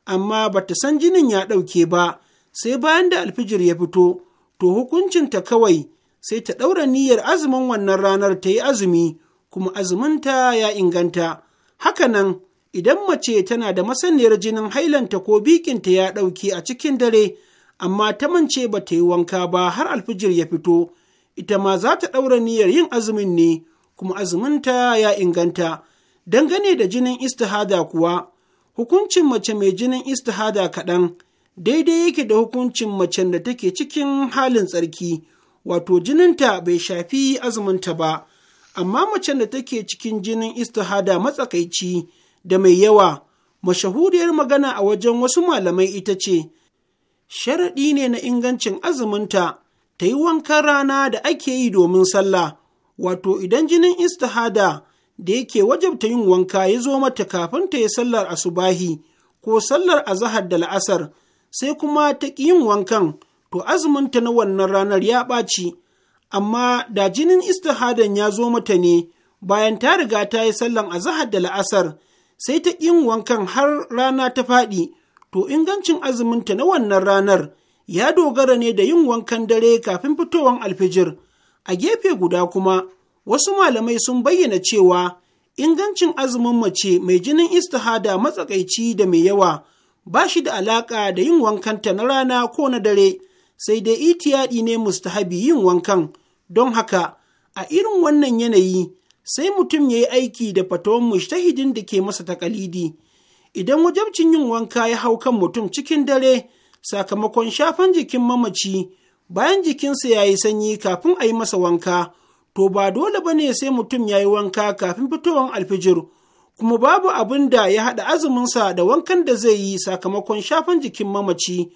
Speaker 5: amma ba ta san jinin ya ɗauke ba, sai bayan da alfijir ya fito, to hukuncinta kawai sai ta ɗaura niyyar azumin wannan ranar ta yi azumi, kuma azuminta ya inganta. Hakanan, idan mace tana da masaniyar jinin hailanta ko bikinta ya ɗauki a cikin dare amma ta mance ba ta yi wanka ba har alfijir ya fito ita ma za ta ɗaura niyyar yin azumin ne kuma azuminta ya inganta dangane da jinin istihada kuwa hukuncin mace mai jinin istihada kaɗan daidai yake da hukuncin macen da take cikin halin tsarki wato jininta bai shafi azuminta ba amma macen da take cikin jinin istihada matsakaici da mai yawa mashahuriyar magana a wajen wasu malamai ita ce sharaɗi ne na ingancin azuminta ta yi wankan rana da ake yi domin sallah wato idan jinin istihada da yake wajabta yin wanka ya zo mata kafin ta yi sallar asubahi ko sallar azahar da la'asar sai kuma ta ƙi yin wankan to azuminta na wannan ranar ya ɓaci amma da jinin istihadan ya zo mata ne bayan ta riga ta yi sallan azahar da la'asar sai ta yin wankan har rana ta faɗi, to ingancin azuminta na wannan ranar ya dogara ne da yin wankan dare kafin fitowan alfijir. A gefe guda kuma, wasu malamai sun bayyana cewa ingancin azumin mace mai jinin istihada matsakaici da mai yawa ba shi da alaƙa da yin wankanta na rana ko na dare, sai dai itiyaɗi ne mustahabi yin wankan, don haka a irin wannan yanayi sai mutum ya yi aiki da fatawan mushtahidin da ke masa takalidi idan wajabcin yin wanka ya hau kan mutum cikin dare sakamakon shafan jikin mamaci bayan jikinsa ya yi sanyi kafin a yi masa wanka to ba dole ba ne sai mutum ya yi wanka kafin fitowan alfijir kuma babu abin da ya haɗa azuminsa da wankan da zai yi sakamakon shafan jikin mamaci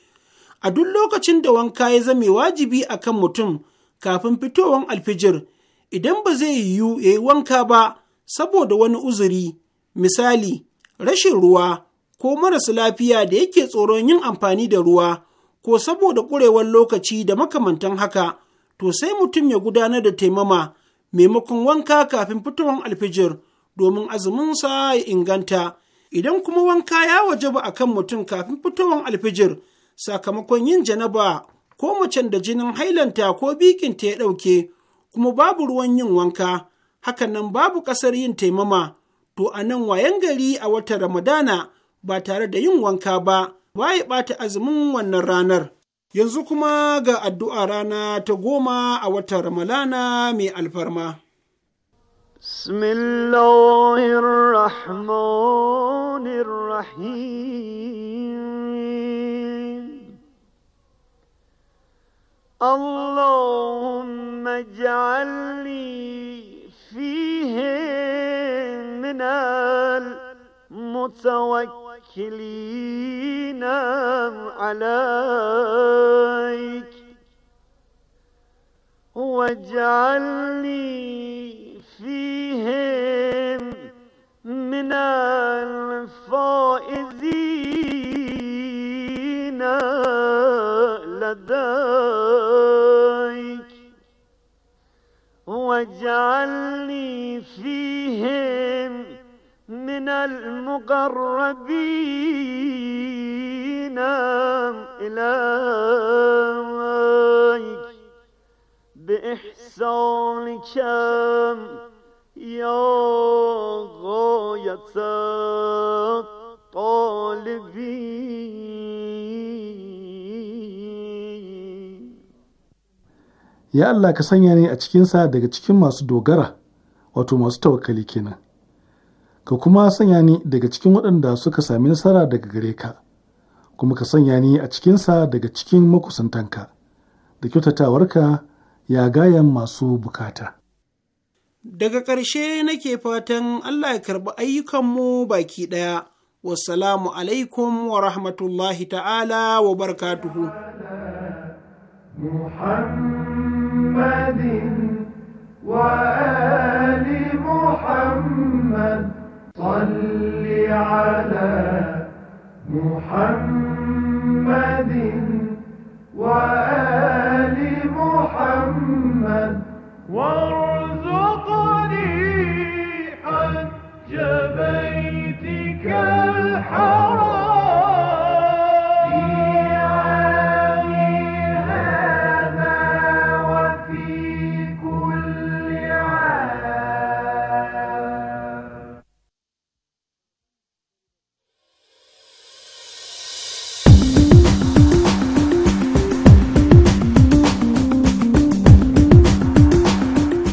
Speaker 5: a duk lokacin da wanka ya zame wajibi a kan mutum kafin fitowan alfijir idan ba zai yiwu ya yi wanka ba saboda wani uzuri, misali, rashin ruwa ko marasa lafiya da yake tsoron yin amfani da ruwa ko saboda ƙurewar lokaci da makamantan haka, to sai mutum ya gudanar da taimama maimakon wanka kafin fitowar alfijir domin azuminsa ya inganta. Idan kuma wanka ya waje ba a kan mutum kafin fitowar alfijir sakamakon yin janaba ko macen da jinin hailanta ko bikinta ya ɗauke. kuma babu ruwan yin wanka, hakan nan babu ƙasar yin taimama, to a nan wayan gari a watan Ramadana ba tare da yin wanka ba, ba ya ɓata azumin wannan ranar. Yanzu kuma ga addu'a rana ta goma a watan Ramadana mai alfarma. Bismillahirrahmanirrahim.
Speaker 7: اللهم اجعلني فيه من المتوكلين عليك واجعلني فيهم من الفائزين لديك واجعلني فيهم من المقربين إليك بإحسانك يا غاية طالبين
Speaker 8: ya Allah ka sanya ni a cikinsa daga cikin masu dogara wato masu tawakkali kenan ka kuma sanya ni daga cikin waɗanda suka sami nasara daga gare ka kuma ka sanya ni a cikinsa daga cikin makusantanka da kyautatawarka ya gayan masu bukata
Speaker 5: daga ƙarshe nake fatan Allah ya karɓi ayyukanmu baki ɗaya wassalamu alaikum wa rahmatullahi ta'ala wa barkatuhu. Muhammad.
Speaker 1: محمد
Speaker 7: وآل محمد صل على
Speaker 4: محمد
Speaker 7: وآل محمد وارزقني حج بيتك الحرام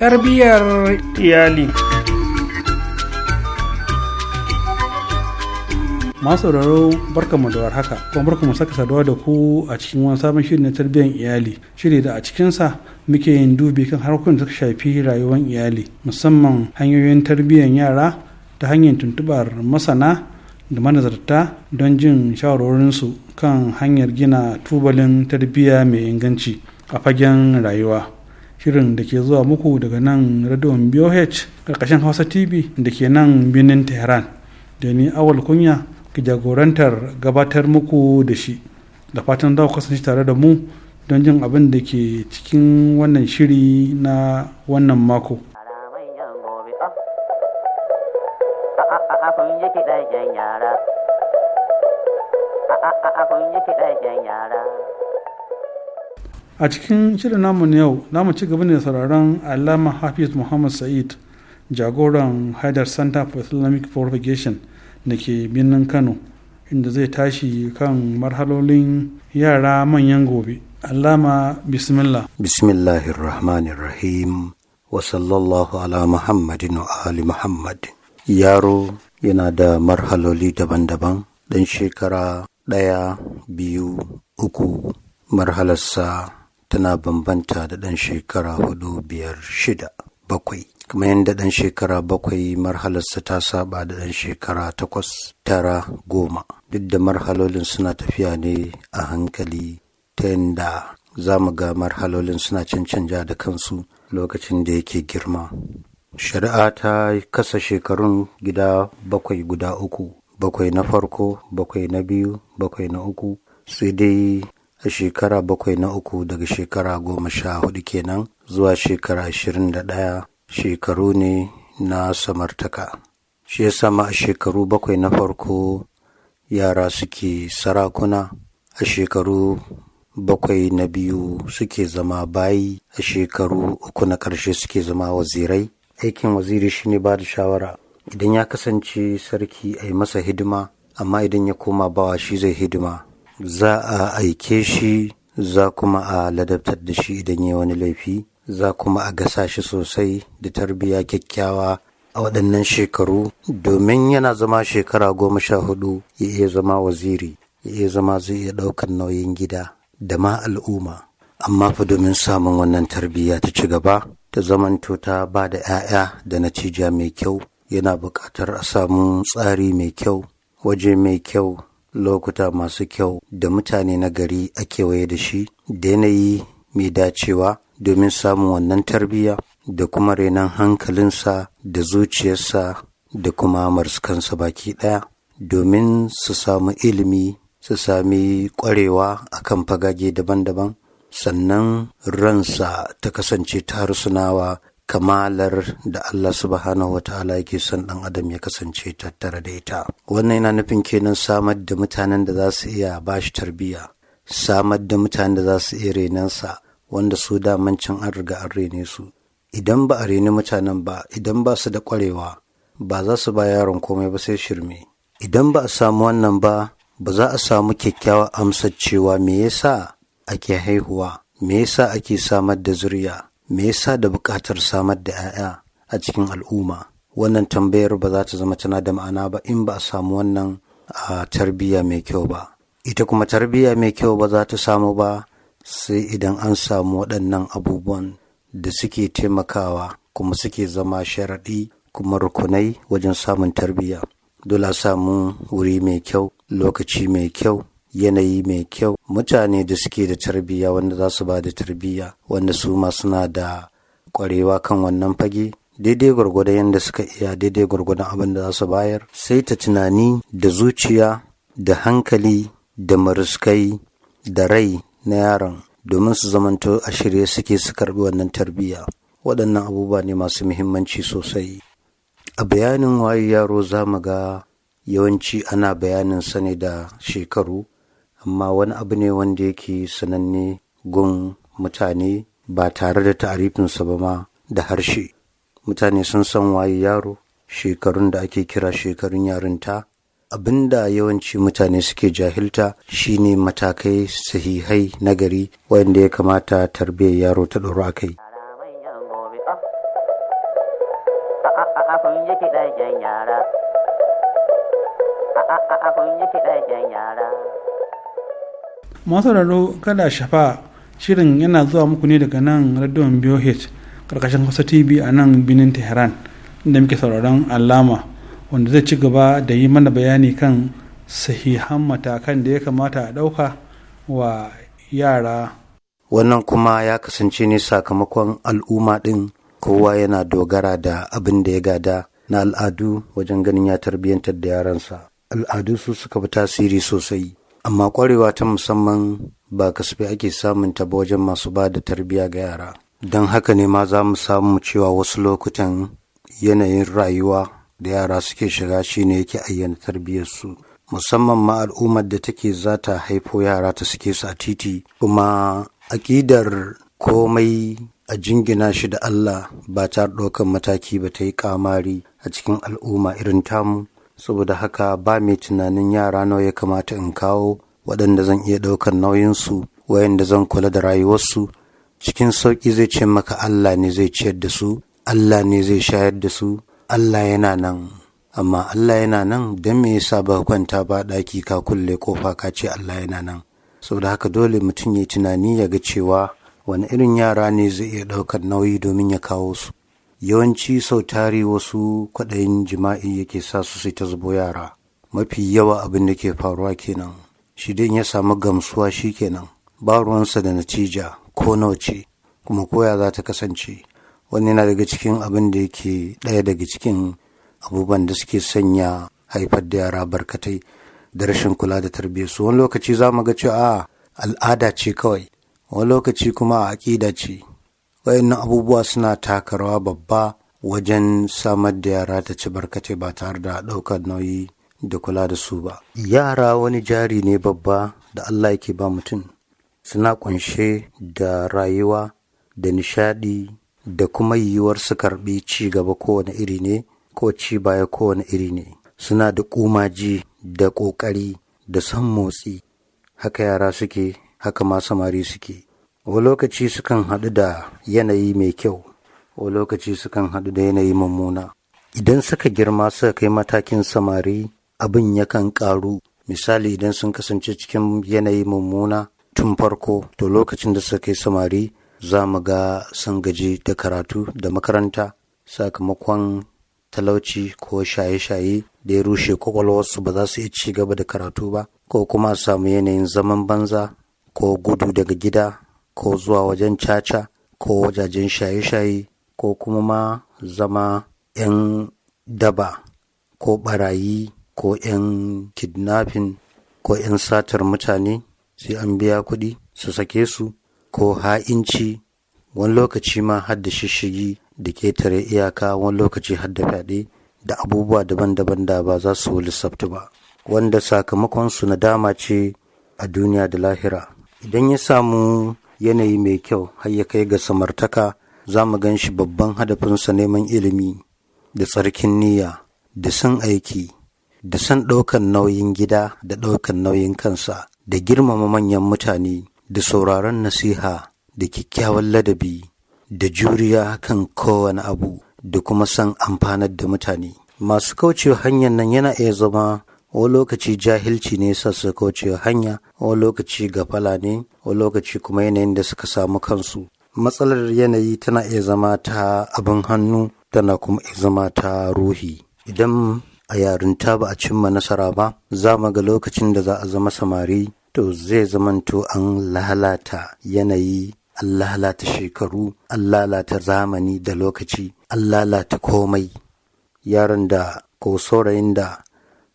Speaker 4: tarbiyyar iyali
Speaker 8: masu sauraro mu da haka, kuma barkamu saka saduwa da ku a cikin wani sabon shiri na tarbiyyar iyali shiri da a cikinsa muke yin dubi kan harkokin da suka shafi rayuwar iyali musamman hanyoyin tarbiyyar yara ta hanyar tuntubar masana da manazarta don jin shawarorinsu kan hanyar gina tubalin tarbiyya mai inganci a fagen rayuwa shirin da ke zuwa muku daga nan radon boh karkashin hausa tv da ke nan birnin tehran da ni awal kunya ga jagorantar gabatar muku da shi da fatan za ku kasance tare da mu don jin abin da ke cikin wannan shiri na wannan mako yara a cikin shirin namu na yau namu ci gaba ne da sauraron alama hafiz muhammad sa'id jagoran haidar center for islamic propagation da ke birnin kano inda zai tashi kan marhalolin yara manyan gobe alama
Speaker 9: bismillah rahim wa sallallahu ala muhammadin wa ali muhammad yaro yana da marhaloli daban-daban dan shekara ɗaya biyu uku marhalarsa tana bambanta da ɗan shekara hudu biyar shida bakwai kuma yadda ɗan shekara bakwai marhalarsa ta saba da ɗan shekara takwas tara goma duk da marhalolin suna tafiya ne a hankali ta yadda za mu ga marhalolin suna cancanja da kansu lokacin da yake girma shari'a ta kasa shekarun gida bakwai guda uku bakwai na farko bakwai na biyu bakwai na uku sai dai a shekara bakwai na uku daga shekara goma sha hudu kenan zuwa shekara ashirin da ɗaya shekaru ne na samartaka shi ya sama a shekaru bakwai na farko yara suke sarakuna a shekaru bakwai na biyu suke zama bayi a shekaru uku na ƙarshe suke zama wazirai aikin waziri shine ba da shawara idan ya kasance sarki a yi masa hidima amma idan ya koma bawa shi zai hidima za a aike shi za kuma a ladabtar da shi idan ya wani laifi za kuma a gasa shi sosai da tarbiyya kyakkyawa a waɗannan shekaru domin yana zama shekara goma sha hudu ya iya zama waziri ya iya zama zai iya ɗaukar nauyin gida da ma al'umma amma fa domin samun wannan tarbiyya ta ci gaba ta zamanto ta ba da 'ya'ya da natija mai kyau yana buƙatar a samu tsari mai kyau waje mai kyau lokuta masu kyau da mutane na gari a kewaye da shi da yanayi mai dacewa domin samun wannan tarbiyya da kuma renon hankalinsa da zuciyarsa da kuma marskansa baki ɗaya domin su samu ilimi su sami ƙwarewa a kan fagage daban-daban sannan ransa ta kasance ta harsunawa kamalar da Allah subhanahu wata'ala yake son ɗan adam ya kasance tattare da ita wannan yana nufin kenan samar da mutanen da za su iya ba shi tarbiyya samar da mutanen da za su iya renansa wanda su damancin an riga an rene su idan ba a reni mutanen ba idan ba su da ƙwarewa ba za su ba yaron komai ba sai shirme idan ba a samu wannan ba ba za a samu kyakkyawa amsar cewa me yasa ake haihuwa me yasa ake samar da zuriya me yasa da buƙatar samar da 'ya'ya a cikin al'umma wannan tambayar ba za ta zama tana da ma'ana ba in ba a samu wannan a tarbiyya mai kyau ba ita kuma tarbiyya mai kyau ba za ta samu ba sai idan an samu waɗannan abubuwan da suke taimakawa kuma suke zama sharaɗi kuma rukunai wajen samun tarbiyya dole a samu wuri mai kyau lokaci mai kyau yanayi mai kyau mutane da suke da tarbiyya wanda za su ba da tarbiyya wanda su ma suna da kwarewa kan wannan fage daidai gwargwadon yadda suka iya daidai gwargwadon abin da za su bayar sai ta tunani da zuciya da hankali da maruskai da rai na yaron domin su zamanto a shirye suke su karbi wannan tarbiyya waɗannan abubuwa ne masu muhimmanci sosai a bayanin waye yaro za mu ga yawanci ana bayanin sa ne da shekaru amma wani abu ne wanda yake sananne gun mutane ba tare da ta'arifinsa ba ma da harshe mutane sun san waye yaro shekarun da ake kira shekarun yarinta abinda yawanci mutane suke jahilta shine matakai sahihai nagari wanda ya kamata tarbiyyar yaro ta ɗora a kai
Speaker 10: yara
Speaker 1: masararo
Speaker 8: kada shafa shirin yana zuwa muku ne daga nan radon biohit karkashin Hausa TV a nan binin Tehran inda muke sauraron alama wanda zai ci gaba da yi mana bayani kan sahihan matakan da ya kamata a ɗauka wa yara.
Speaker 9: Wannan kuma ya kasance ne sakamakon al'umma ɗin kowa yana dogara da abin da ya gada na al'adu wajen ganin ya tarbiyyantar da yaransa. Al'adu su suka fi tasiri sosai. amma kwarewa ta musamman ba kasafai ake samun ta wajen masu ba da tarbiyya ga yara don haka ne ma za mu samu cewa wasu lokutan yanayin rayuwa da yara suke shiga shine yake ayyana tarbiyyarsu musamman ma al'ummar da take za ta haifo yara ta suke su a titi kuma aƙidar komai a jingina shi da Allah ba ta ɗaukan mataki ba ta yi ƙamari a cikin al'umma irin tamu saboda haka ba mai tunanin yara nawa ya kamata in kawo waɗanda zan iya ɗaukar nauyinsu wayanda zan kula da rayuwarsu cikin sauƙi zai ce maka Allah ne zai ciyar da su Allah ne zai shayar da su Allah yana nan amma Allah yana nan don me yasa ba kwanta ba ɗaki ka kulle kofa ka ce Allah yana nan saboda haka dole mutum ya tunani ya ga cewa wani irin yara ne zai iya ɗaukar nauyi domin ya kawo su yawanci sau tari wasu kwaɗayin jima'i yake sa su sai ta zubo yara mafi yawa abin da ke faruwa kenan shi dai ya samu gamsuwa shi kenan ba ruwansa da natija ko nawa ce? kuma koya za ta kasance wani na daga cikin abin da yake ɗaya daga cikin abubuwan da suke sanya haifar da yara barkatai da rashin kula da su. wani lokaci za mu ga cewa al'ada ce kawai wani lokaci kuma a aƙida ce wayannan abubuwa suna taka rawa babba wajen samar da yara ta ci barkace ba tare da ɗaukar nauyi da kula da su ba. Yara wani jari ne babba da Allah yake ba mutum, suna ƙunshe da rayuwa da nishaɗi da kuma yiwuwar su karɓi ci gaba kowane iri ne ko ci baya kowane iri ne. Suna da ƙumaji da ƙoƙari da son motsi, haka yara suke, haka ma samari suke. wa lokaci sukan haɗu da yanayi mai kyau wa lokaci sukan haɗu da yanayi mummuna idan suka girma suka kai matakin samari abin yakan ƙaru misali idan sun kasance cikin yanayi mummuna tun farko to lokacin da suka kai samari za mu ga sun gaji da karatu da makaranta sakamakon talauci ko shaye-shaye da ya rushe kwakwalwarsu ba za su iya ci gaba da karatu ba ko kuma samu yanayin zaman banza ko gudu daga gida ko zuwa wajen caca ko wajajen shaye-shaye ko kuma ma zama 'yan daba ko barayi ko 'yan kidnapping ko 'yan satar mutane sai an biya kuɗi su sake su ko ha'inci wani lokaci ma har da shishigi da ketare iyaka wani lokaci har da fyaɗe da abubuwa daban-daban da ba za su lissafta ba wanda sakamakonsu nadama ce a duniya da lahira idan ya samu yanayi mai kyau har ya kai ga samartaka za mu gan shi babban hadafinsa neman ilimi da tsarkin niyya da son aiki da son ɗaukan nauyin gida da ɗaukan nauyin kansa da girmama manyan mutane da sauraron nasiha da kyakkyawan ladabi da juriya kan kowane abu da kuma san amfanar da mutane masu kaucewa hanyar nan yana iya zama o lokaci jahilci ne sa su hanya o lokaci gafala ne o lokaci kuma yanayin da suka samu kansu matsalar yanayi tana iya zama ta abin hannu tana kuma iya zama ta ruhi idan a yarinta ba a cimma nasara ba za mu ga lokacin da za a zama samari to zai zamanto an lalata yanayi an lalata shekaru an lalata zamani da lokaci an lalata komai yaron da ko saurayin da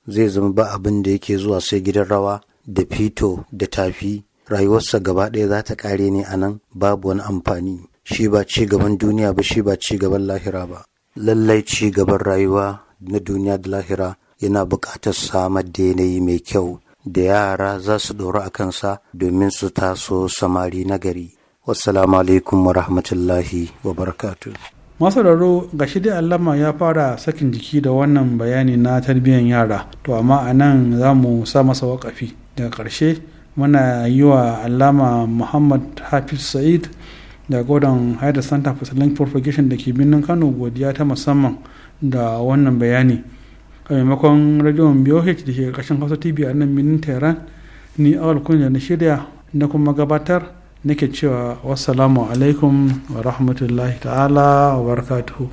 Speaker 9: zai zama ba abin da yake zuwa sai gidan rawa da fito da tafi rayuwarsa gaba ɗaya za ta ƙare ne a babu wani amfani shi ba ci gaban duniya ba shi ba ci gaban lahira ba lallai ci gaban rayuwa na duniya da lahira yana buƙatar samar da yanayi mai kyau da yara za su ɗora a kansa domin su taso samari nagari. wasu alaikum wa rahmatullahi wa barakatu.
Speaker 8: masararo ga shi dai allama ya fara sakin jiki da wannan bayani na tarbiyyar yara to amma a nan za mu sa masa wakafi daga karshe muna yi wa allama muhammad hafiz sa'id da gordon haida center for selling propagation da ke birnin kano godiya ta musamman da wannan bayani a maimakon rajon boh da ke ƙarshen hausa tv a nan birnin tehran ni awal kunya na shirya na kuma gabatar nake cewa wassalamu alaikum wa rahmatullahi ta'ala wa barakatuhu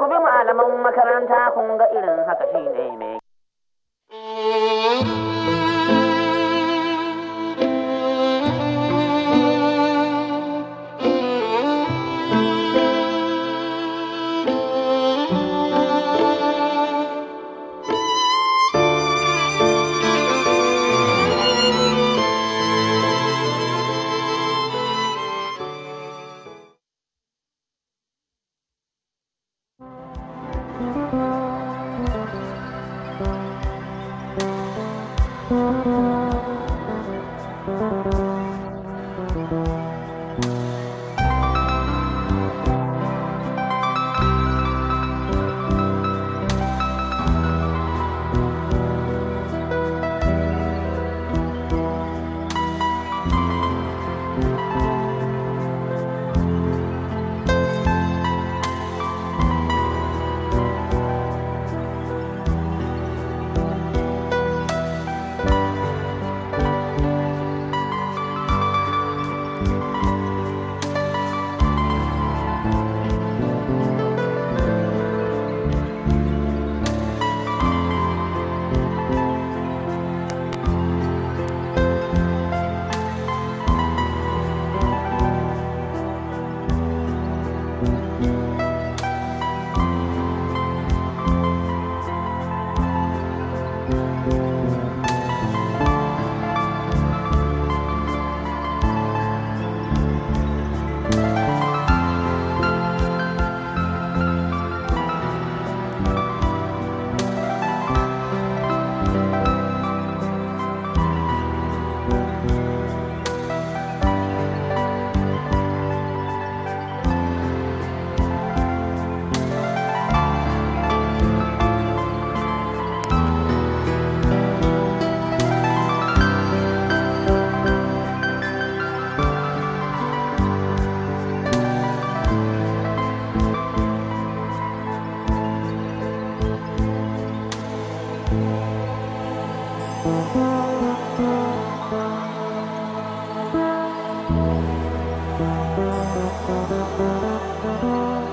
Speaker 10: ku malaman makaranta kun ga irin haka shi